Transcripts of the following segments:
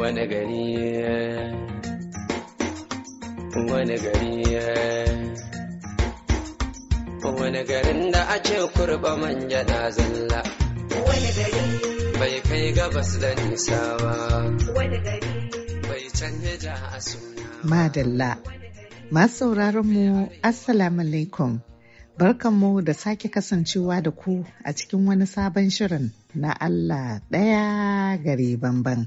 wani gari wani gari wani garin da a ce kurba manja na zalla wani gari bai kai gabas da nisa ba wani gari bai canje ja a suna madalla masu sauraron mu assalamu alaikum Barkanmu da sake kasancewa da ku a cikin wani sabon shirin na Allah ɗaya gari bamban.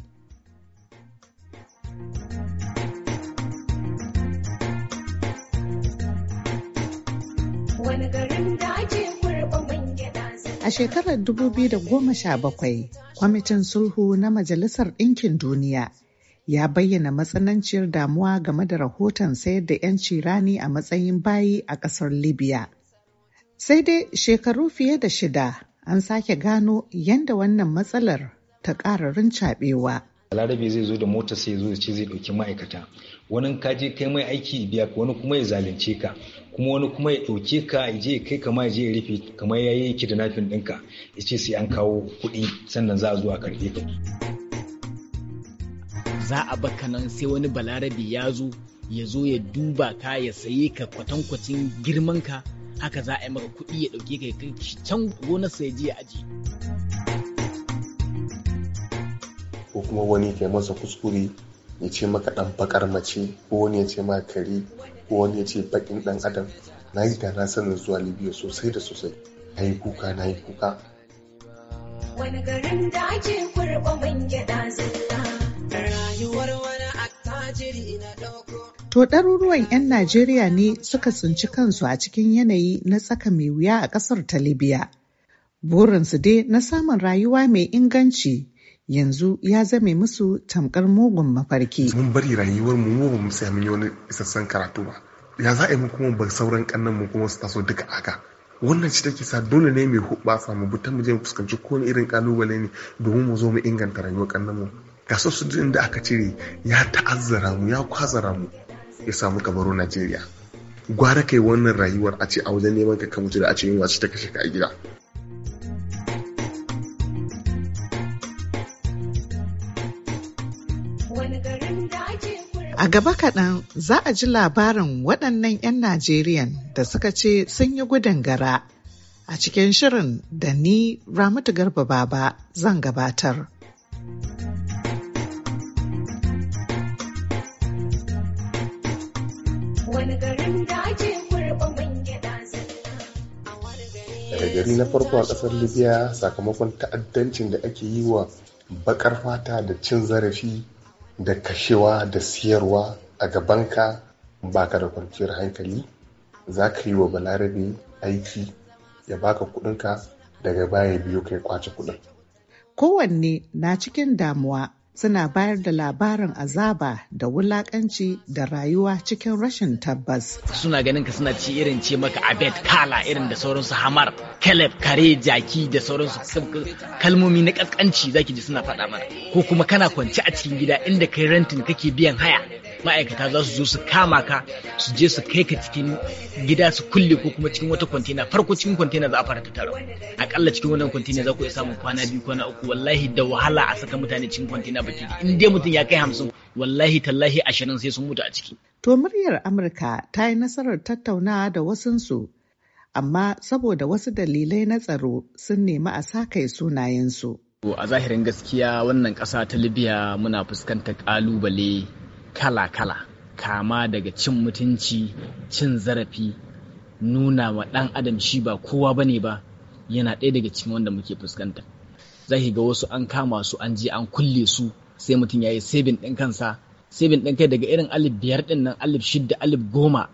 wani garin da ake kurba man A shekarar 2017, Kwamitin Sulhu na Majalisar Ɗinkin Duniya ya bayyana matsananciyar damuwa game da rahoton sayar da 'yanci rani a matsayin bayi a ƙasar Libya. Sai dai shekaru fiye da shida an sake gano yadda wannan matsalar ta ƙararin cabewa. larabi zai zo da mota sai zo ce zai dauki ma'aikata wani ka je kai mai aiki biya ka wani kuma ya zalunce ka kuma wani kuma ya dauke ka ya je kai kama ya je ya rufe kamar ya yi kidnapping ɗinka ya ce sai an kawo kuɗi sannan za a zo a ka. za a baka nan sai wani balarabi ya zo ya zo ya duba ka ya saye ka kwatankwacin girman ka haka za a yi maka kuɗi ya dauke ka ya kai can gonarsa ya je ya aji. ko kuma wani kai masa kuskure ya ce maka dan bakar mace ko wani ya ce maka kare ko wani ya ce bakin dan adam na yi da na sanin zuwa libya sosai da sosai na yi kuka na yi kuka wani garin da ake kurba man gyada zalla rayuwar wani attajiri na dauko To ɗaruruwan 'yan Najeriya ne suka tsinci kansu a cikin yanayi na tsaka mai wuya a ƙasar ta Libya. Burinsu dai na samun rayuwa mai inganci yanzu ya zame musu tamkar mugun mafarki. Mun bari rayuwar mu mu mun yi wani isassan karatu ba. Ya za a yi mu kuma ba sauran kannan mu kuma su taso duka haka. Wannan ci take sa dole ne mai huɓa mu butan mu je mu fuskanci kowane irin kalubale ne domin mu zo mu inganta rayuwar kannan mu. Gasar su da aka cire ya ta'azzara mu ya kwazara mu ya samu kabaro Najeriya. Gwara kai wannan rayuwar a ce a wajen neman ka ka da a ce yunwa ci ta kashe ka a gida. A gaba kaɗan za a ji labarin waɗannan 'yan Najeriyan da suka ce sun yi gudun gara a cikin shirin da ni Ramatu Garba Baba zan gabatar. daga gari na farko a ƙasar libya sakamakon ta'addancin da ake yi wa baƙar fata da cin zarafi da kashewa da siyarwa a gabanka baka da kwanciyar hankali za ka yi wa balarabe aiki ya baka kudinka daga baya biyu kai kwace kudin kowanne na cikin damuwa suna bayar da labarin azaba da wulakanci da rayuwa cikin rashin tabbas. Suna ganin ka suna ci irin ce maka abet kala irin da sauransu hamar, keleb, kare, jaki da sauransu kalmomi na kaskanci zaki ji suna faɗa mana. Ko kuma kana kwance a cikin gida inda kai rentin kake biyan haya ma'aikata za su zo su kama ka su je su kai ka cikin gida su kulle ko kuma cikin wata kwantena farko cikin kwantena za a fara tattara akalla cikin wannan kwantena za ku iya samun kwana biyu kwana uku wallahi da wahala a saka mutane cikin kwantena baki in dai mutum ya kai hamsin wallahi tallahi ashirin sai sun mutu a ciki. To muryar Amurka ta yi nasarar tattaunawa da wasunsu amma saboda wasu dalilai na tsaro sun nemi a kai sunayensu. a zahirin gaskiya wannan ƙasa ta libya muna fuskantar ƙalubale kala-kala kama daga cin mutunci cin zarafi nuna wa ɗan adam shi ba kowa ne ba yana ɗaya daga cikin wanda muke fuskanta za ga wasu an kama su an je an kulle su sai mutum ya yi sabin ɗin kansa sabin ɗin kai daga irin alif biyar ɗin nan alif shidda alif goma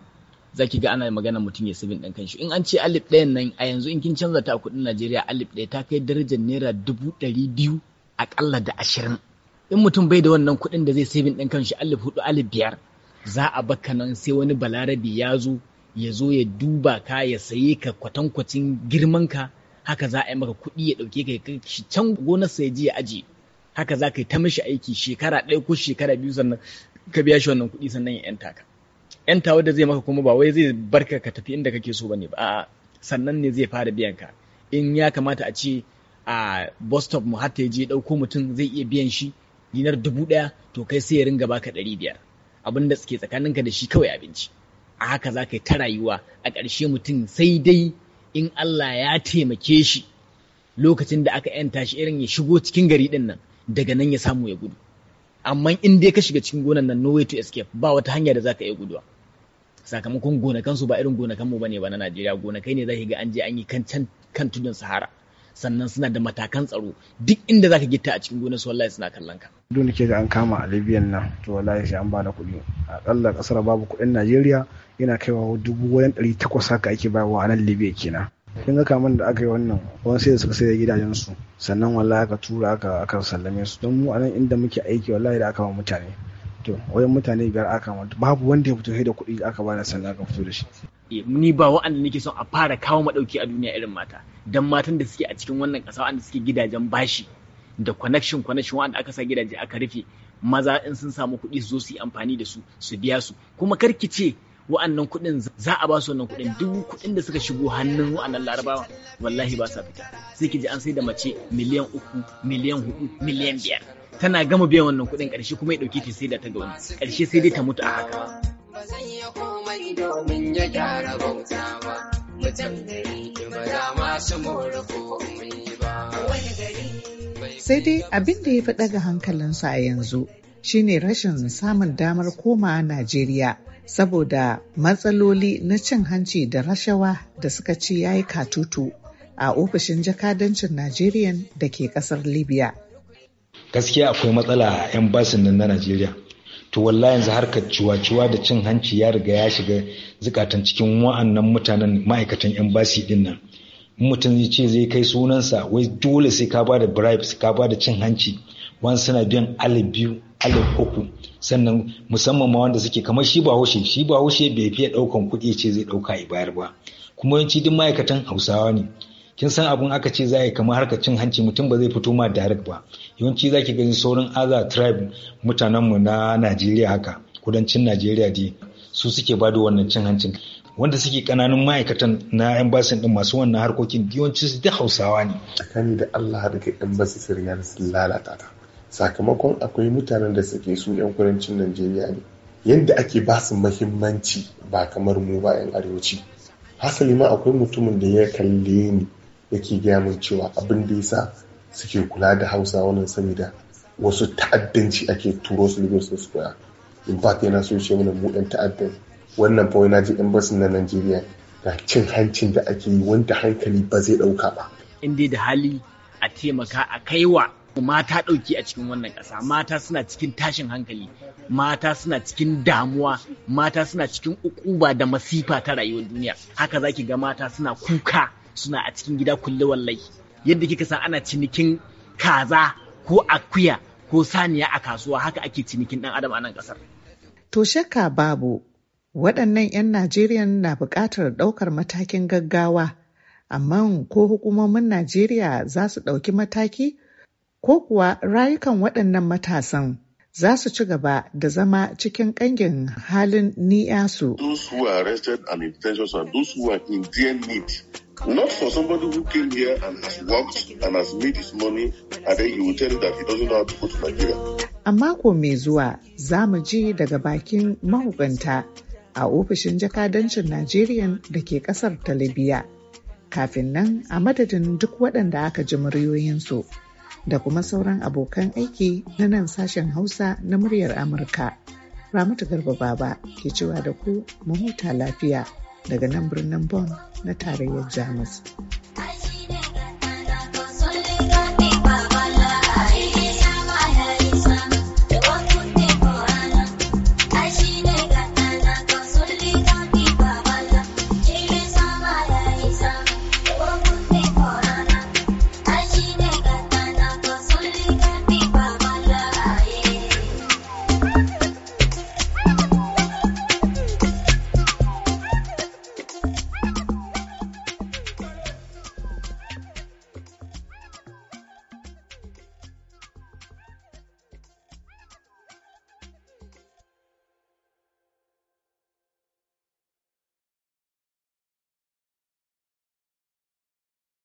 za ga ana magana mutum ya sabin ɗin kanshi in an ce alif ɗayan nan a yanzu in kin canza ta a kuɗin najeriya alif ɗaya ta kai darajar naira dubu ɗari biyu aƙalla da ashirin in mutum bai da wannan kuɗin da zai saving ɗin kanshi alif hudu alif biyar za a baka nan sai wani balarabi ya zo ya zo ya duba ka ya saye ka kwatankwacin girman ka haka za a yi maka kuɗi ya ɗauke ka ya shi can gonarsa ya je ya aje haka za ka yi ta mishi aiki shekara ɗaya ko shekara biyu sannan ka biya shi wannan kuɗi sannan ya yanta ka yanta wanda zai maka kuma ba wai zai barka ka tafi inda kake so ba ne ba a'a sannan ne zai fara biyan ka in ya kamata a ce a bus stop mu har ta je ɗauko mutum zai iya biyan shi dinar dubu ɗaya to kai sai ya ringa baka ɗari biyar abin da suke tsakaninka da shi kawai abinci a haka za ka yi ta rayuwa a ƙarshe mutum sai dai in Allah ya taimake shi lokacin da aka yanta shi irin ya shigo cikin gari ɗin nan daga nan ya samu ya gudu amma in dai ka shiga cikin gonan nan no way to escape ba wata hanya da za ka iya guduwa sakamakon gonakansu ba irin gonakan mu ne ba na Najeriya gonakai ne za ga an je an yi kan kan tudun Sahara sannan suna da matakan tsaro duk inda zaka gita a cikin gonar su wallahi suna kallon ka dole ke ga an kama a nan to wallahi sai an bada kuɗi akalla kasar babu kuɗin najeriya yana kaiwa dubu wajen ɗari takwas haka ake bayarwa a nan libya kenan kin ga kamar da aka yi wannan wani sai da suka sai gidajen su sannan wallahi aka tura aka aka sallame su don mu a nan inda muke aiki wallahi da aka wa mutane to wayan mutane biyar aka mata babu wanda ya fito da kuɗi aka bada sallah ka fito da shi eh, ni ba wa'anda nake son a fara kawo madauki a duniya irin mata dan matan da suke a cikin wannan ƙasa wa'anda suke gidajen bashi da connection connection wa'anda aka sa gidaje aka rufe maza in sun samu kuɗi su zo su yi amfani da su su biya su kuma kar ki ce wa'annan kuɗin za a ba su wannan kuɗin duk kuɗin da suka shigo hannun wa'annan larabawa wallahi ba sa fita sai ki ji an sai da mace miliyan uku miliyan hudu miliyan biyar tana gama biyan wannan kuɗin ƙarshe kuma ya ɗauki sai da ta ga wani ƙarshe sai dai ta mutu a haka. Sai dai abin da ya fi ɗaga hankalinsa a yanzu shine rashin samun damar koma Najeriya saboda matsaloli na cin hanci da rashawa da suka ci yayi katutu a ofishin jakadancin Najeriya da ke ƙasar Libya. gaskiya akwai matsala a 'yan basin nan na najeriya to wallahi yanzu harkar ciwa-ciwa da cin hanci ya riga ya shiga zukatan cikin wa'annan mutanen ma'aikatan 'yan basi din nan mutum zai ce zai kai sunansa wai dole sai ka bada bribes ka bada cin hanci wani suna biyan alif biyu alif uku sannan musamman ma wanda suke kamar shi bahaushe shi bahaushe bai fiye daukan kuɗi ce zai dauka ibayar ba kuma yanci duk ma'aikatan hausawa ne kin san abun aka ce za a yi kamar harkar cin hanci mutum ba zai fito ma direct ba yawanci za ki gani saurin other tribe mutanenmu na najeriya haka kudancin najeriya dai su suke ba da wannan cin hancin wanda suke kananun ma'aikatan na embassy din masu wannan harkokin yawanci su da hausawa ne tsakani da allah daga embassy sun riga sun lalata ta sakamakon akwai mutanen da suke su yan kudancin najeriya ne yadda ake ba su mahimmanci ba kamar mu ba yan arewaci hasali ma akwai mutumin da ya kalle ni yake gaya min cewa abin da yasa suke kula da hausa wannan saboda wasu ta'addanci ake turo su libya su koya in fact yana so ce mana mu yan ta'addan wannan fa na je embassy na Najeriya da cin hancin da ake yi wanda hankali ba zai dauka ba in dai da hali a taimaka a kaiwa mata ɗauki a cikin wannan ƙasa mata suna cikin tashin hankali mata suna cikin damuwa mata suna cikin ukuba da masifa ta rayuwar duniya haka zaki ga mata suna kuka suna a cikin gida kulle wallai yadda kika san ana cinikin kaza ko akuya ko saniya a kasuwa haka ake cinikin dan adam a nan kasar to shakka babu waɗannan 'yan najeriya na buƙatar ɗaukar matakin gaggawa amma ko hukumomin najeriya za su ɗauki mataki ko kuwa rayukan waɗannan matasan za su ci gaba da zama cikin ƙangin halin ni'yasu. Those who are arrested and in detention, those who are in dear need Not for somebody who came here and has worked and has made his money and then you will tell him that he doesn't know how to go to Nigeria. A mako mai zuwa za mu ji daga bakin mahukanta a ofishin jakadancin Najeriya da ke kasar ta Libya. Kafin nan a madadin duk waɗanda aka ji muryoyinsu da kuma sauran abokan aiki na nan sashen Hausa na muryar Amurka. Ramatu Garba Baba ke cewa da ku mu huta lafiya. daga nan birnin Bonn na tarayyar Jamus.